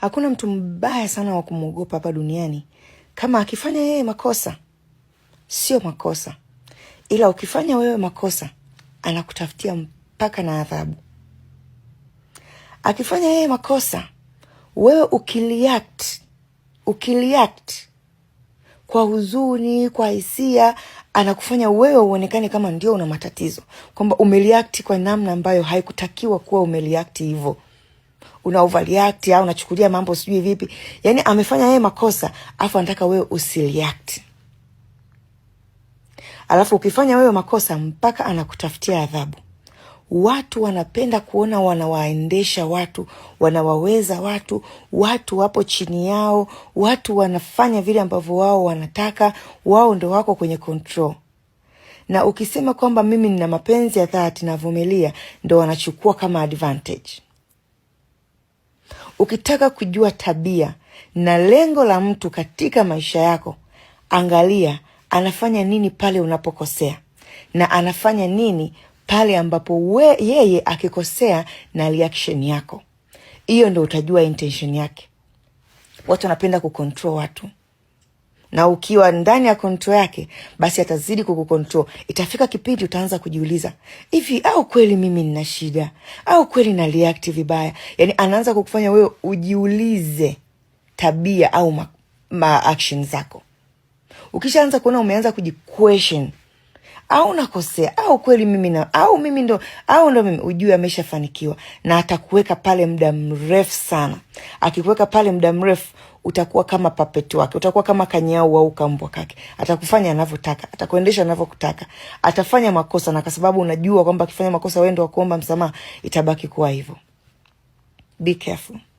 Hakuna mtu mbaya sana wa kumwogopa hapa duniani. Kama akifanya yeye makosa, sio makosa, ila ukifanya wewe makosa, anakutafutia mpaka na adhabu. Akifanya yeye makosa, wewe ukireact, ukireact kwa huzuni, kwa hisia, anakufanya wewe uonekane kama ndio una matatizo, kwamba umeliakti kwa namna ambayo haikutakiwa kuwa umeliakti hivyo una overreact au unachukulia mambo sijui vipi. yaani amefanya yeye makosa afu anataka wewe usireact, alafu ukifanya wewe makosa mpaka anakutafutia adhabu. Watu wanapenda kuona wanawaendesha watu, wanawaweza watu, watu wapo chini yao, watu wanafanya vile ambavyo wao wanataka, wao ndo wako kwenye control na ukisema kwamba mimi nina mapenzi ya dhati navumilia, ndo wanachukua kama advantage. Ukitaka kujua tabia na lengo la mtu katika maisha yako, angalia anafanya nini pale unapokosea na anafanya nini pale ambapo we, yeye akikosea na reaction yako. Hiyo ndo utajua intention yake. Watu wanapenda kukontrol watu na ukiwa ndani ya konto yake, basi atazidi kukukontro Itafika kipindi utaanza kujiuliza hivi, au kweli mimi nina shida, au kweli na react vibaya? Yani anaanza kukufanya wewe ujiulize tabia au ma, ma action zako. Ukishaanza kuona umeanza kujiquestion au nakosea au kweli mimi na au mimi ndo au ndo mimi, ujue ameshafanikiwa na atakuweka pale muda mrefu sana. Akikuweka pale muda mrefu, utakuwa kama papeti wake, utakuwa kama kanyau au kambwa kake. Atakufanya anavyotaka, atakuendesha anavyokutaka, atafanya makosa, na kwa sababu unajua kwamba akifanya makosa wewe ndo wa kuomba msamaha, itabaki kuwa hivyo. Be careful.